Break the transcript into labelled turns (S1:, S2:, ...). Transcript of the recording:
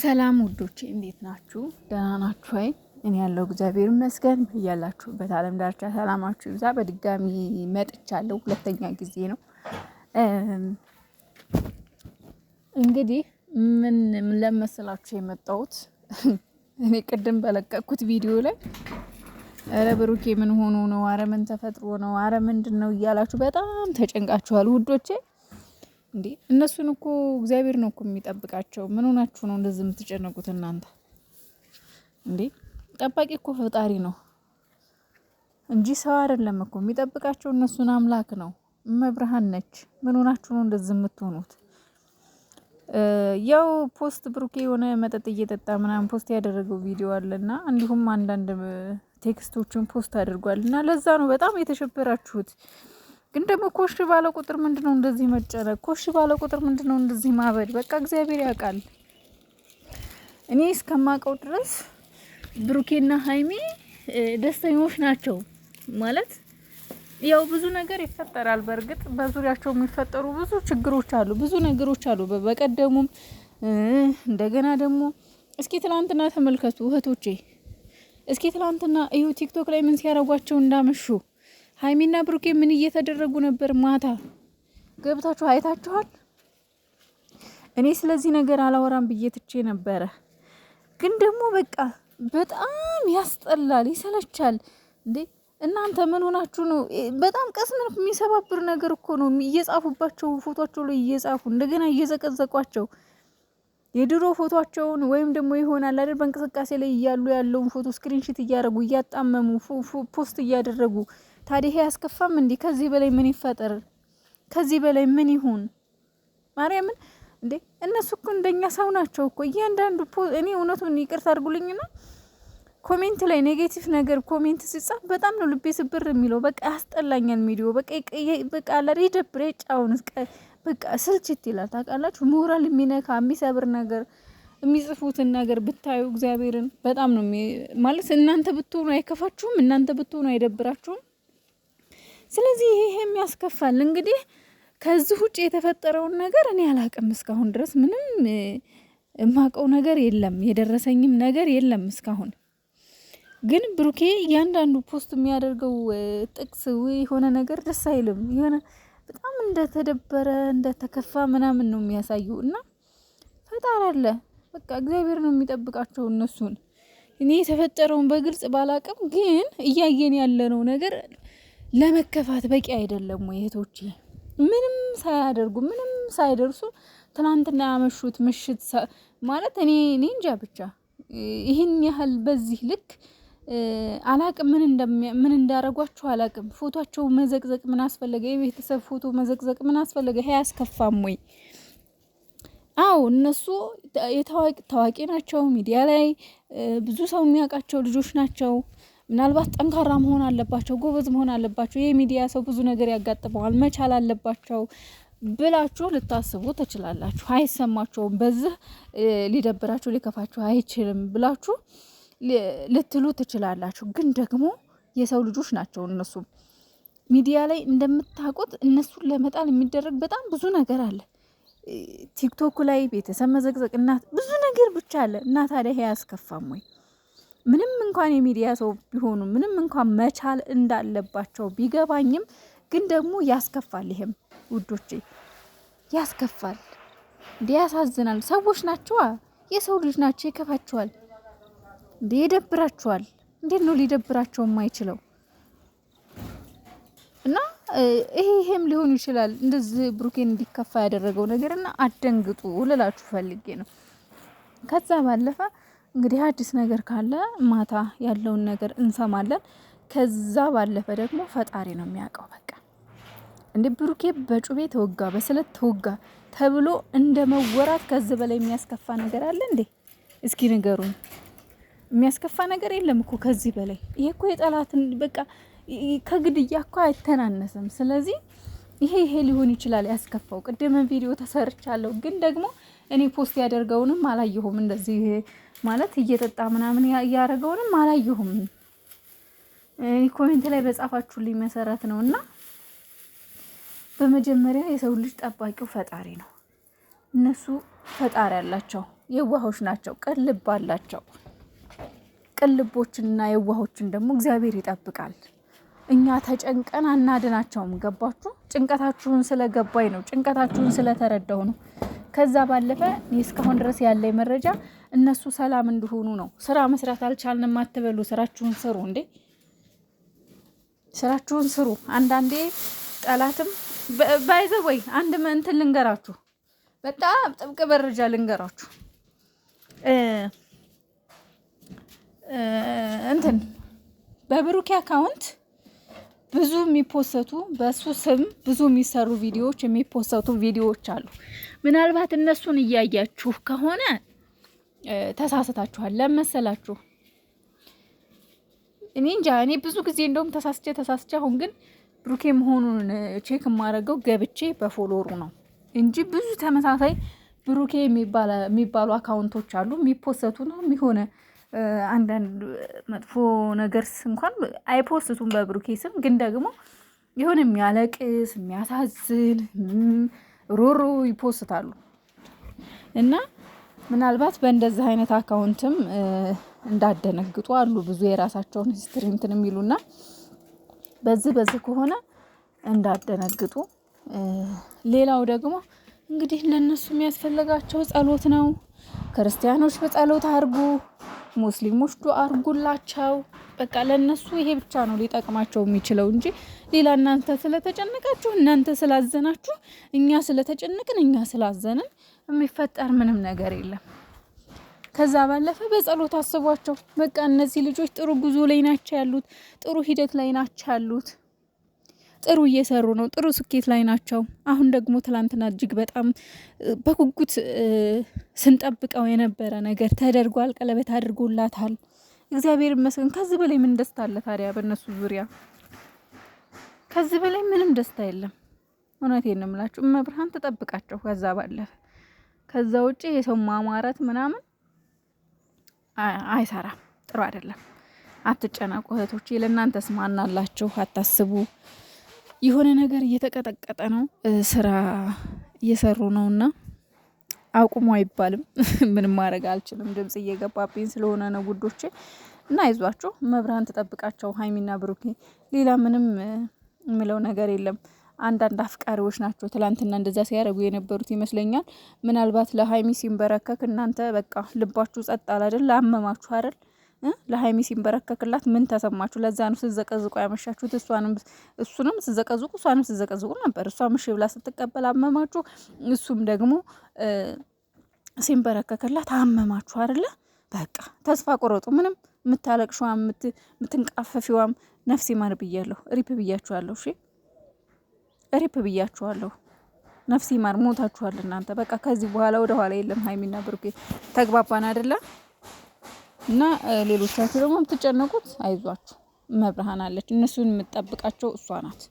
S1: ሰላም ውዶች እንዴት ናችሁ? ደህና ናችሁ ወይ? እኔ ያለው እግዚአብሔር ይመስገን። ያላችሁበት ዓለም ዳርቻ ሰላማችሁ ይብዛ። በድጋሚ መጥቻለሁ፣ ሁለተኛ ጊዜ ነው። እንግዲህ ምን ለመሰላችሁ የመጣሁት እኔ ቅድም በለቀኩት ቪዲዮ ላይ ኧረ ብሩኬ ምን ሆኖ ነው፣ አረ ምን ተፈጥሮ ነው፣ አረ ምንድን ነው እያላችሁ በጣም ተጨንቃችኋል ውዶቼ እንዴ እነሱን እኮ እግዚአብሔር ነው እኮ የሚጠብቃቸው። ምን ሆናችሁ ነው እንደዚህ የምትጨነቁት እናንተ? እንዴ ጠባቂ እኮ ፈጣሪ ነው እንጂ ሰው አይደለም እኮ የሚጠብቃቸው። እነሱን አምላክ ነው፣ መብርሃን ነች። ምን ሆናችሁ ነው እንደዚህ የምትሆኑት? ያው ፖስት ብሩኬ የሆነ መጠጥ እየጠጣ ምናምን ፖስት ያደረገው ቪዲዮ አለና እንዲሁም አንዳንድ ቴክስቶችን ፖስት አድርጓል እና ለዛ ነው በጣም የተሸበራችሁት። ግን ደግሞ ኮሽ ባለ ቁጥር ምንድነው እንደዚህ መጨነቅ ኮሽ ባለ ቁጥር ምንድነው እንደዚህ ማበድ? በቃ እግዚአብሔር ያውቃል። እኔ እስከማውቀው ድረስ ብሩኬና ሀይሚ ደስተኞች ናቸው ማለት ያው ብዙ ነገር ይፈጠራል። በእርግጥ በዙሪያቸው የሚፈጠሩ ብዙ ችግሮች አሉ፣ ብዙ ነገሮች አሉ። በቀደሙም እንደገና ደግሞ እስኪ ትላንትና ተመልከቱ እህቶቼ፣ እስኪ ትላንትና እዩ ቲክቶክ ላይ ምን ሲያደርጓቸው እንዳመሹ ሀይሚና ብሩኬ ምን እየተደረጉ ነበር? ማታ ገብታችሁ አይታችኋል? እኔ ስለዚህ ነገር አላወራም ብዬ ትቼ ነበረ፣ ግን ደግሞ በቃ በጣም ያስጠላል፣ ይሰለቻል። እንዴ እናንተ ምን ሆናችሁ ነው? በጣም ቀስምን የሚሰባብር ነገር እኮ ነው። እየጻፉባቸው ፎቶቸው ላይ እየጻፉ እንደገና እየዘቀዘቋቸው የድሮ ፎቶቸውን ወይም ደግሞ ይሆናል አይደል በእንቅስቃሴ ላይ እያሉ ያለውን ፎቶ ስክሪንሽት እያደረጉ እያጣመሙ ፖስት እያደረጉ ታዲያ ያስከፋም እንዲህ ከዚህ በላይ ምን ይፈጠር? ከዚህ በላይ ምን ይሁን? ማርያምን እንዴ እነሱ እኮ እንደኛ ሰው ናቸው እኮ እያንዳንዱ እኔ እውነቱን ይቅርታ አድርጉልኝና ኮሜንት ላይ ኔጌቲቭ ነገር ኮሜንት ሲጻፍ በጣም ነው ልቤ ስብር የሚለው። በቃ ያስጠላኛል ሚዲዮ በቃ ለሬ ደብሬ ጫውን በቃ ስልችት ይላል። ታውቃላችሁ ሞራል የሚነካ የሚሰብር ነገር የሚጽፉትን ነገር ብታዩ እግዚአብሔርን በጣም ነው ማለት እናንተ ብትሆኑ አይከፋችሁም? እናንተ ብትሆኑ አይደብራችሁም? ስለዚህ ይሄ የሚያስከፋል እንግዲህ ከዚህ ውጭ የተፈጠረውን ነገር እኔ አላቅም። እስካሁን ድረስ ምንም የማውቀው ነገር የለም፣ የደረሰኝም ነገር የለም። እስካሁን ግን ብሩኬ እያንዳንዱ ፖስት የሚያደርገው ጥቅስ የሆነ ነገር ደስ አይልም። የሆነ በጣም እንደተደበረ እንደተከፋ ምናምን ነው የሚያሳዩ እና ፈጣሪ አለ በቃ እግዚአብሔር ነው የሚጠብቃቸው እነሱን። እኔ የተፈጠረውን በግልጽ ባላቅም ግን እያየን ያለነው ነገር ለመከፋት በቂ አይደለም ወይ እህቶቼ? ምንም ሳያደርጉ ምንም ሳይደርሱ ትናንትና ያመሹት ምሽት ማለት እኔ እኔ እንጃ ብቻ ይህን ያህል በዚህ ልክ አላቅም ምን እንዳረጓችሁ አላቅም። ፎቶቸው መዘቅዘቅ ምን አስፈለገ? የቤተሰብ ፎቶ መዘቅዘቅ ምን አስፈለገ? ያስከፋም ወይ? አው እነሱ ታዋቂ ናቸው፣ ሚዲያ ላይ ብዙ ሰው የሚያውቃቸው ልጆች ናቸው። ምናልባት ጠንካራ መሆን አለባቸው፣ ጎበዝ መሆን አለባቸው፣ የሚዲያ ሰው ብዙ ነገር ያጋጥመዋል፣ መቻል አለባቸው ብላችሁ ልታስቡ ትችላላችሁ። አይሰማቸውም፣ በዚህ ሊደብራችሁ ሊከፋችሁ አይችልም ብላችሁ ልትሉ ትችላላችሁ። ግን ደግሞ የሰው ልጆች ናቸው እነሱም ሚዲያ ላይ እንደምታውቁት እነሱን ለመጣል የሚደረግ በጣም ብዙ ነገር አለ። ቲክቶክ ላይ ቤተሰብ መዘግዘቅ እናት ብዙ ነገር ብቻ አለ እና ታዲያ ያስከፋም ወይ? ምንም እንኳን የሚዲያ ሰው ቢሆኑ ምንም እንኳን መቻል እንዳለባቸው ቢገባኝም ግን ደግሞ ያስከፋል። ይሄም ውዶቼ ያስከፋል፣ እንዲህ ያሳዝናል። ሰዎች ናቸዋ፣ የሰው ልጅ ናቸው። ይከፋቸዋል፣ እንዲ ይደብራቸዋል። እንዴት ነው ሊደብራቸው የማይችለው? እና ይሄ ይሄም ሊሆን ይችላል እንደዚህ ብሩኬን እንዲከፋ ያደረገው ነገር እና አደንግጡ ልላችሁ ፈልጌ ነው ከዛ ባለፈ እንግዲህ አዲስ ነገር ካለ ማታ ያለውን ነገር እንሰማለን። ከዛ ባለፈ ደግሞ ፈጣሪ ነው የሚያውቀው። በቃ እንደ ብሩኬ በጩቤ ተወጋ፣ በስለት ተወጋ ተብሎ እንደ መወራት ከዚህ በላይ የሚያስከፋ ነገር አለ እንዴ? እስኪ ንገሩኝ። የሚያስከፋ ነገር የለም እኮ ከዚህ በላይ ይሄ እኮ የጠላትን በቃ ከግድያ እኮ አይተናነስም። ስለዚህ ይሄ ይሄ ሊሆን ይችላል ያስከፋው። ቅድም ቪዲዮ ተሰርቻለሁ ግን ደግሞ እኔ ፖስት ያደርገውንም አላየሁም። እንደዚህ ማለት እየጠጣ ምናምን እያደረገውንም አላየሁም። ኮሜንት ላይ በጻፋችሁልኝ መሰረት ነው እና በመጀመሪያ የሰው ልጅ ጠባቂው ፈጣሪ ነው። እነሱ ፈጣሪ ያላቸው የዋሆች ናቸው፣ ቅልብ አላቸው። ቅልቦችንና የዋሆችን ደግሞ እግዚአብሔር ይጠብቃል። እኛ ተጨንቀን አናድናቸውም። ገባችሁ? ጭንቀታችሁን ስለገባኝ ነው። ጭንቀታችሁን ስለተረዳሁ ነው። ከዛ ባለፈ እስካሁን ድረስ ያለ መረጃ እነሱ ሰላም እንደሆኑ ነው። ስራ መስራት አልቻልንም አትበሉ። ስራችሁን ስሩ እንዴ! ስራችሁን ስሩ። አንዳንዴ ጠላትም ባይዘ ወይ አንድ እንትን ልንገራችሁ፣ በጣም ጥብቅ መረጃ ልንገራችሁ። እንትን በብሩኬ አካውንት ብዙ የሚፖሰቱ በእሱ ስም ብዙ የሚሰሩ ቪዲዮዎች የሚፖሰቱ ቪዲዮዎች አሉ። ምናልባት እነሱን እያያችሁ ከሆነ ተሳስታችኋል። ለመሰላችሁ እኔ እንጃ እኔ ብዙ ጊዜ እንደውም ተሳስቼ ተሳስቼ አሁን ግን ብሩኬ መሆኑን ቼክ የማደርገው ገብቼ በፎሎሩ ነው እንጂ ብዙ ተመሳሳይ ብሩኬ የሚባሉ አካውንቶች አሉ የሚፖሰቱ ነው የሚሆነ አንዳንድ መጥፎ ነገርስ እንኳን አይፖስቱም በብሩኬ ስም። ግን ደግሞ ይሁን የሚያለቅስ የሚያሳዝን ሩሩ ይፖስታሉ እና ምናልባት በእንደዚህ አይነት አካውንትም እንዳደነግጡ አሉ። ብዙ የራሳቸውን ሂስትሪ እንትን የሚሉና በዚህ በዚህ ከሆነ እንዳደነግጡ። ሌላው ደግሞ እንግዲህ ለእነሱ የሚያስፈልጋቸው ጸሎት ነው። ክርስቲያኖች በጸሎት አርጉ። ሙስሊሞች ዱ አርጉላቸው። በቃ ለእነሱ ይሄ ብቻ ነው ሊጠቅማቸው የሚችለው እንጂ ሌላ እናንተ ስለተጨነቃችሁ፣ እናንተ ስላዘናችሁ፣ እኛ ስለተጨነቅን፣ እኛ ስላዘንን የሚፈጠር ምንም ነገር የለም። ከዛ ባለፈ በጸሎት አስቧቸው። በቃ እነዚህ ልጆች ጥሩ ጉዞ ላይ ናቸው ያሉት፣ ጥሩ ሂደት ላይ ናቸው ያሉት። ጥሩ እየሰሩ ነው፣ ጥሩ ስኬት ላይ ናቸው። አሁን ደግሞ ትላንትና እጅግ በጣም በጉጉት ስንጠብቀው የነበረ ነገር ተደርጓል። ቀለበት አድርጎላታል። እግዚአብሔር ይመስገን። ከዚህ በላይ ምን ደስታ አለ ታዲያ? በእነሱ ዙሪያ ከዚህ በላይ ምንም ደስታ የለም። እውነቴን ነው የምላችሁ። መብርሃን ተጠብቃቸው ከዛ ባለፈ ከዛ ውጭ የሰው ማማራት ምናምን አይሰራም፣ ጥሩ አይደለም። አትጨናቁ እህቶች፣ ለእናንተስ አታስቡ። የሆነ ነገር እየተቀጠቀጠ ነው፣ ስራ እየሰሩ ነው እና አቁሙ አይባልም። ምንም ማድረግ አልችልም፣ ድምፅ እየገባብኝ ስለሆነ ነው ጉዶቼ። እና ይዟችሁ መብርሃን ትጠብቃቸው ሀይሚና ብሩኬ። ሌላ ምንም ምለው ነገር የለም። አንዳንድ አፍቃሪዎች ናቸው። ትላንትና እንደዛ ሲያደርጉ የነበሩት ይመስለኛል። ምናልባት ለሀይሚ ሲንበረከክ እናንተ በቃ ልባችሁ ጸጥ አላደል? አመማችሁ አይደል? ለሀይሚ ሲንበረከክላት ምን ተሰማችሁ? ለዛ ነው ስዘቀዝቁ ያመሻችሁት። እሱንም ስዘቀዝቁ እሷንም ስዘቀዝቁ ነበር። እሷ ምሽ ብላ ስትቀበል አመማችሁ፣ እሱም ደግሞ ሲንበረከክላት አመማችሁ አደለ? በቃ ተስፋ ቆረጡ። ምንም የምታለቅሸዋም የምትንቃፈፊዋም ነፍሴ ማር ብያለሁ። ሪፕ ብያችኋለሁ። እሺ ሪፕ ብያችኋለሁ። ነፍሴ ማር ሞታችኋል እናንተ። በቃ ከዚህ በኋላ ወደ ኋላ የለም። ሀይሚና ብሩኬ ተግባባን አይደለም? እና ሌሎቻችሁ ደግሞ የምትጨነቁት አይዟችሁ፣ መብርሃን አለች። እነሱን የምትጠብቃቸው እሷ ናት።